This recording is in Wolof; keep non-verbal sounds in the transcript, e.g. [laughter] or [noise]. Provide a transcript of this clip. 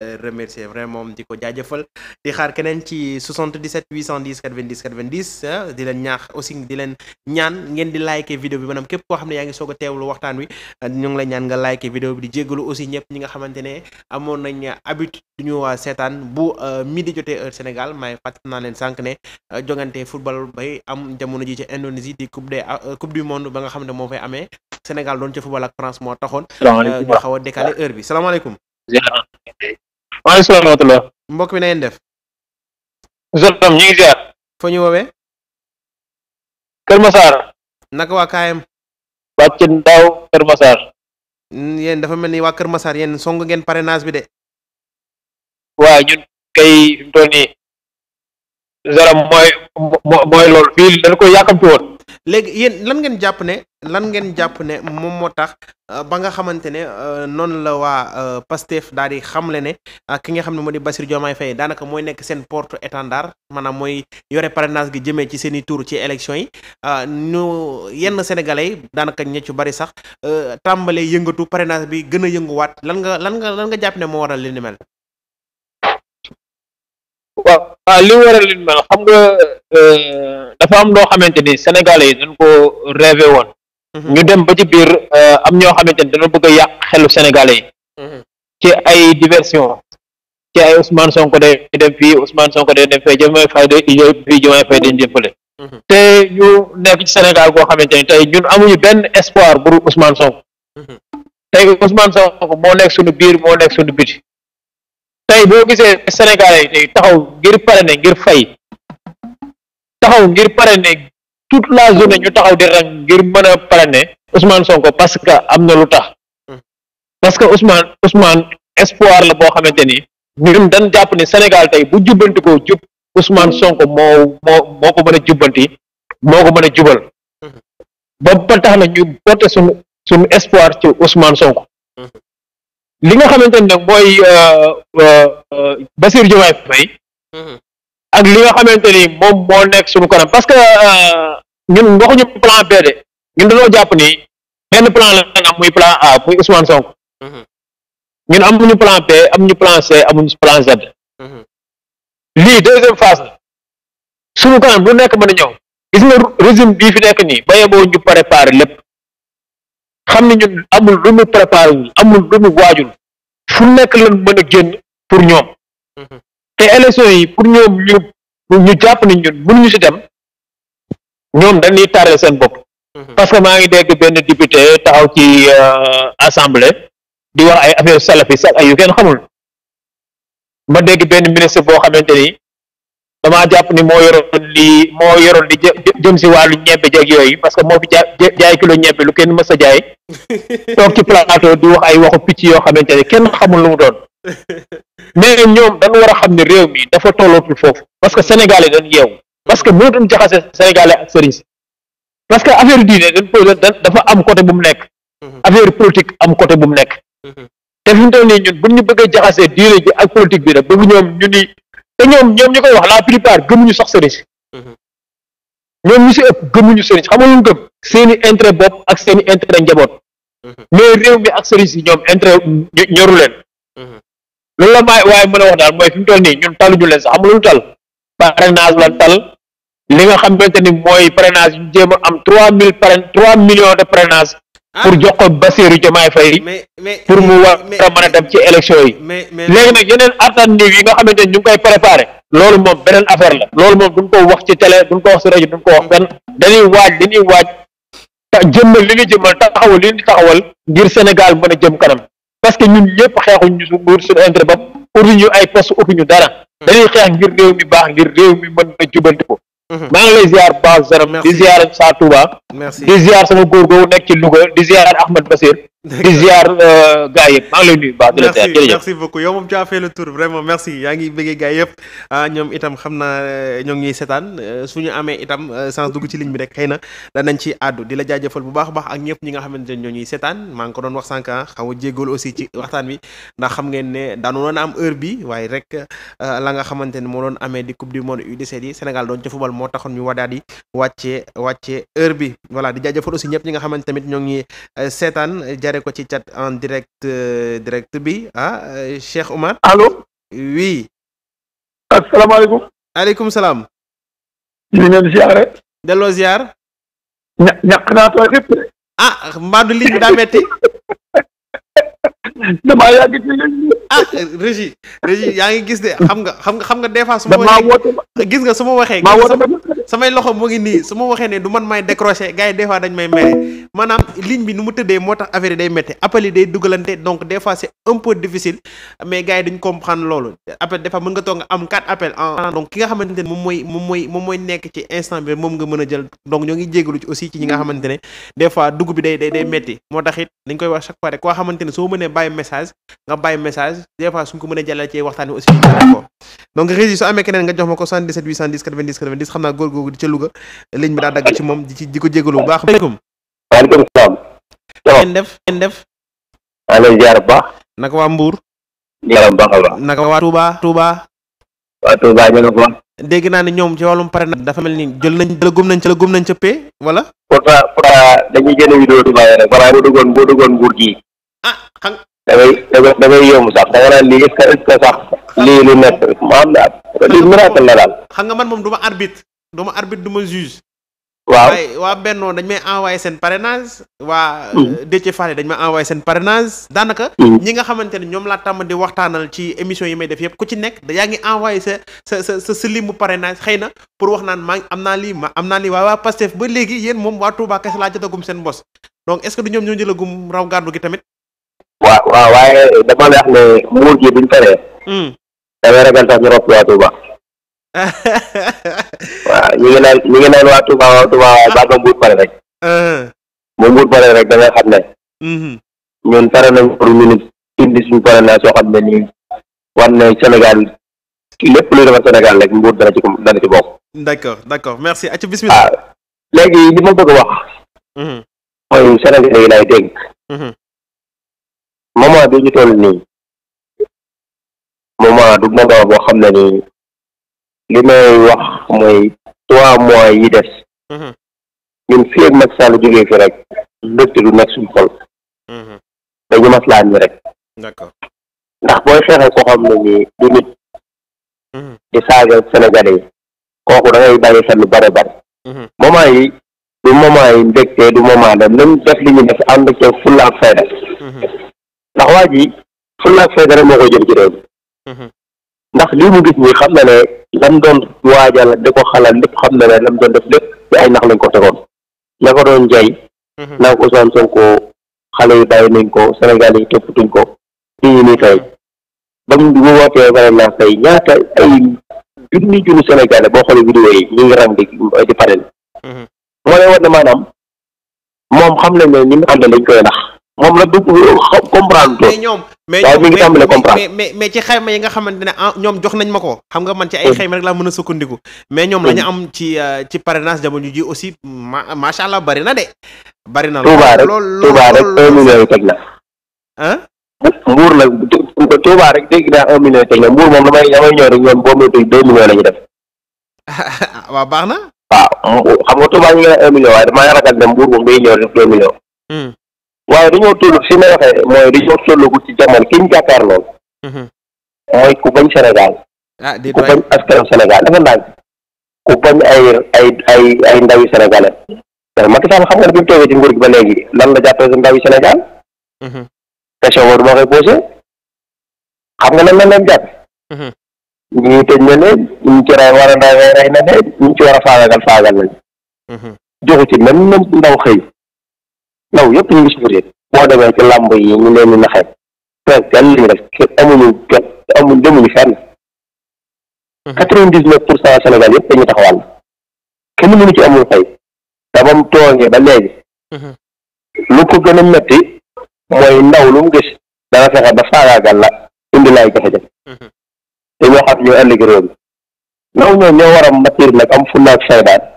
Euh, remercier vraiment di ko jaajëfal di xaar keneen ci 77 810 90 90 di leen ñaax aussi di leen ñaan ngeen di liker vidéo bi maanaam képp koo xam ne yaa ngi soog a teewlu waxtaan wi euh, ñu ngi la ñaan nga liker vidéo bi di jéggalu aussi ñëpp ñi nga xamante ne amoon nañ ñu waa euh, seetaan bu midi jotee heure Sénégal may fàttali naa leen sànq ne jongante football bay am jamono ji ci Indonésie di coupe des coupe du monde ba nga xam moo fay amee Sénégal doon ca football ak France moo taxoon xaw a décalé heure bi waaleykum salaam wa rahmatulah. mbokk mi na ngeen def. Zolam ñu ngi foo ñu woowee. Kër Masar. naka waa KM. wàcc daaw Kër Masar. Mm, yéen dafa mel ni waa Kër Masar yéen song ngeen parrainage bi de. waa ñun kay fi mu toll nii. Zolam mooy mooy loolu fii dañ ko yàkkamti woon. léegi yéen lan ngeen jàpp ne lan ngeen jàpp ne moom moo tax euh, ba nga xamante ne euh, noonu la waa euh, Pastef daal di xamle ne ki nga xam ne moo di Bassirou Diomaye Faye daanaka mooy nekk seen porte étendard maanaam mooy yore parrainage gi jëmee ci seen i tour ci élection yi ñu yenn sénégalais daanaka ña ci bari sax tàmbalee yëngatu parrainage bi gën a yënguwaat lan nga lan nga lan nga jàpp ne moo waral li ni waaw li waral li mel xam nga euh, dafa am loo xamante ni sénégalais yi dañ ko rêvé woon mhm. ñu dem ba ci biir euh, am ñoo xamante ni dañoo bëgg a yàq xelu sénégalais yi mhm. ci ay diversion ci ay Ousmane Sonko day dem Sonko day dem fee Diomaye Faye day fii Diomaye Faye day dem mhm. te ñu nekk ci Sénégal goo xamante ni tey ñun amuñu benn espoir pour Ousmane Sonko tey Ousmane Sonko moo nekk suñu biir moo nekk suñu biti tey boo gisee Sénégalais yi tey taxaw ngir ne ngir fay taxaw ngir ne tout la journée ñu taxaw di rang ngir mën pare parrainer Ousmane Sonko parce que am na lu tax hmm. parce que Ousmane Ousmane espoir la boo xamante ni ñun dan jàpp ni Sénégal tey bu jubbanti ko jub Ousmane Sonko moo moo moo ko mën a jubbanti moo ko mën a jubal hmm. ba ba tax na ñu porté suñu espoir ci Ousmane Sonko hmm. li nga xamante ne nag mooy euh, euh, Bassirou Diomaye Faye mm-hmm. ak li nga xamante ni moom moo nekk suñu kanam parce que euh, ñun waxuñu plan B de ñun dañoo jàpp ni benn plan la am muy plan A muy Ousmane Sonko mm-hmm. ñun amuñu plan B amuñu plan C amuñu plan Z mm-hmm. lii deuxième phase la kanam lu nekk mën a ñëw gis nga régime bii fi nekk nii ba yeboo ñu préparer lépp xam ne ñun amul lu ñu préparé amul lu ñu waajul fu nekk lan mën a génn pour ñoom mhm. te élection yi pour ñoom ñu ñu jàpp ne ñun mënuñu ci dem ñoom dañuy taaral seen bopp mhm. parce que maa ngi dégg benn député taxaw ci euh, assemblée di wax ay affaire salafi sax ay yu xamul ma dégg benn ministre boo xamante ni damaa jàpp ni moo yoroon lii moo yoroon jë jëm si wàllu ñebbe jeg yooyu parce que moo fi jaay jaay kilo ñebbe lu kenn mës a jaay [laughs] toog ci plateau di wax ay waxu picc yoo xamante ne kenn xamul lu mu doon [laughs] mais ñoom dañu war a xam ne réew mi dafa tollootul foofu parce que sénégalais dañ yeewu parce que moo doon jaxase sénégalais ak sëriñ si parce que affaire diine dañ ko dafa am côté bu mu nekk mhm. affaire politique am côté bu mu nekk mhm. te fi mu toll nii ñun buñ ñu ak politique bi nag bëgg ñoom ñu ni te ñoom ñoom ñu koy wax la plupart gëmuñu sax sëriñ si mm-hmm. ñoom ñu si ëpp gëmuñu sëriñ si xam nga lu ñu gëm seeni intérêt bopp ak seeni intérêt njaboot mm-hmm. mais réew mi ak sëriñ si ñoom intérêt ñoru leen mm-hmm. loolu la maay waaye mën a wax daal mooy fi mu toll nii ñun taluñu leen sax xam nga lu ñu tal parrainage la tal li nga xamante ni mooy parrainage ñu jéem am trois mille parrain trois millions de parrainage Ah. pour jox ko Bassirou Diomaye fay pour mu war a mën a dem ci élection yi léegi nag yeneen alternative yi nga xamante ni ñu ngi koy préparé loolu moom beneen affaire la loolu moom duñ ko wax ci télé duñ ko wax ci rajo duñ ko wax fenn dañuy waaj li ñuy waaj ta jëmmal li ñuy jëmmal taxawal li ñuy taxawal ngir Sénégal mën a jëm kanam parce que ñun ñëpp xeexuñ ñu suñu suñu intérêt bopp utuñu ay poste utuñu dara hmm. dañuy xeex ngir réew mi baax ngir réew mi man a jubbanti ko Mhm. maa ngi lay ziar bu baax Jaram di ziar Saa Touba di ziar sama góor googu nekk ci Louga di ziar Ahmed Basir di ziar euh, gars yëpp maa ngi baax di la ziar yow moom tu as fait le tour vraiment merci yaa ngi bëggee ah, ñoom itam xam naa euh, ñoo ngi ñuy seetaan euh, suñu amee itam sans dugg ci ligne bi rek xëy na danañ ci àddu di la jaajëfal bu baax a baax ak ñëpp ñi nga xamante ne ñoo ñuy seetaan maa ngi ko doon wax sànq ah, xaw a aussi ci ndax xam ngeen ne daanu doon am heure bi waaye rek la nga xamante ne moo doon amee di coupe du monde U17 yi Sénégal doon ci football moo taxoon ñu wadaat yi wàccee wàccee heure bi voilà di jaajëfal aussi ñëpp ñi nga xamante tamit ñoo ngi seetaan jare jaaree ko ci chat en direct euh, direct bi ah euh, Cheikh Oumar. allo. oui. asalaamaaleykum. aleykum salaam. ñu ngi leen di delloo ziar. ña ñàkk naa tooy lépp de. ah mbaa du daa metti. [laughs] ah Régis yaa ngi gis de xam nga xam nga xam nga des su ma waxee gis nga su ma waxee samay loxo mu ngi nii su ma waxee ne du man may décroché gars yi des fois dañ may mere maanaam ligne bi nu mu tëddee moo tax affaire yi day métti appel yi day dugalante donc des fois c'est un peu difficile mais gars yi duñ ne moom mooy moom mooy moom mooy nekk ci instant bi moom a jël donc ñoo ngi jégalu ci aussi ci ñi nga xamante ne des fois dugg bi day day day métti moo tax it dañ koy wax chaque fois rek koo xamante ne soo mënee bàyyi message nga bàyyi message message des suñ ko mën a jàllale ci waxtaan wi aussi ñu jàllale ko donc régi su amee keneen nga jox ma ko 77 810 90 90 xam naa góor googu di ca Louga liñ bi daa dagg ci moom di ko jégalu baax aleykum waa lay jaar waa Mbour jaram a baax naka waa Touba dégg naa ne ñoom ci wàllum pare nag dafa mel ni jël nañ la gum nañ ca la gum nañ ca pee wala pourtant pourtant dañuy génne vidéo Touba yi rek balaa boo duggoon boo duggoon Mbour gii ah, da ngay da ngay yomb sax da nga naan sax lii lu nekk maanaam daal lii miracle la daal. man moom du ma arbitre du ma arbitre du ma juge. waaw waaye waa Bennoo dañ may envoyé seen parrainage. waa mm. euh, Déthié Fall dañ may seen parrainage. daanaka. Mm. ñi nga xamante ne ñoom laa tàmm di waxtaanal ci émission yi may def yëpp ku ci nekk da yaa ngi envoyé sa sa sa sa xëy na pour wax naan maa am naa lii ma am naa lii waaye waa Pastef ba léegi yéen moom waa Touba kese laa jotagum seen bos. donc est-ce que du jëlagum raw gàddu gi tamit waaw waaw waaye dama lay wax ne muur gi buñ paree. Hmm. damay ragal sax ñu rob waa Touba. [laughs] waaw ñu ngi naan ñu ngi naan waa Touba waa Touba waaye baa ko mbuur pare rek. Uh-huh. mu mbuur pare rek damay xam ne. Mm-hmm. ñun pare nañ pour minute indi suñu pare naa soo xam ne nii war na Sénégal lépp luy defar Sénégal rek mbuur dana ci ko dana ci bokk. d'accord d'accord merci. acca bismillah léegi li ma bëgg wax. Mm-hmm. mooy Sénégal yi lay dégg. Mm-hmm. moment bi ñu toll nii moment du moment boo xam ne nii li may wax mooy trois mois yi des mhm. ñun fii ak Macky Sall jógee fi rek mbégte du nekk suñu xol mhm. dañu maslaa ñi rek ndax booy xeexee ko xam ne nii du nit mhm. di saaga Sénégalais kooku da ngay bàyyi lu bare bare moment yi du moment yi mbégte du moment da nañ def li ñu def ànd ak fulla ak fayda ndax waa ji fulla ak fayda rek moo koy jël ci mhm. ndax lii mu gis nii xam na ne lam doon waajal di ko xalaat lépp xam na ne lam doon def lépp ci ay nax lañ ko tegoon ña ko doon jay mhm. naa ko Ousmane Sonko xale yi bàyyi nañ ko Sénégal yi toppatuñ ko ñu ngi nii tey ba mu bu wootee vraiment tey ñaata ay junni junni Sénégalais boo xoolee vidéo yi ñu ngi rang di di mhm. moom xam nañ ne ñi mu àndal dañ koy nax la du comprendre mais ñoom mais mi ngi tàmbale comprendre mais mais ci xayma yi nga xamante ne ah, ñoom jox nañ ma ko xam nga man ci ay xayma rek laa mën a sukkandiku mais ñoom la ñu am ci euh, ci parrainage jamono ji aussi ma macha allah bari na de bari na lool Touba rek un million yu teg na ah mbuur la Touba rek dégg naa un million yu teg na mbuur moom damay damay ñëw rek ñoom boo métti deux millions la ñu def [laughs] waaw baax na waaw xam nga Touba ñu ngi ne un million waaye damaa ragal ne mbuur moom day ñëw def deux millions hmm. waaye dañoo toll fi may waxee mooy dañoo tollagu ci jamono ki ñu jàkkaar lool mhm. mooy ku bañ Sénégal ah, ku bañ askan Sénégal dafa ndànk ku bañ ay ay ay ay ndawi sénégalais da Macky Sall xam nga ne bi mu toogee ci nguur gi ba léegi lan la jàppee si ndawi Sénégal mhm. question boobu moo koy posé xam nga lan lañ leen jàpp mhm. ñii tëj na leen ñu ci ray war a ndaw rey na leen ñu ci war a faagagal faagal lañ joxu ci même même ndaw xëy ndaw yëpp ñu ngi si biir boo demee ci làmb yi ñu leen di naxee presque li ñu def amuñu jot amuñu demuñu fenn. Mhm. quatre-vingt-dix-neuf pour Sénégal yëpp dañuy taxawal kenn mënu ci amul fay te ba mu toogee ba léegi. Mhm. lu ko gën a metti mooy ndaw lu mu gis dana fexe ba faagaagal la indi laay jafe mhm. te ñoo xam ñoo ëllëg réew ñoo war a matir nag am fulla ak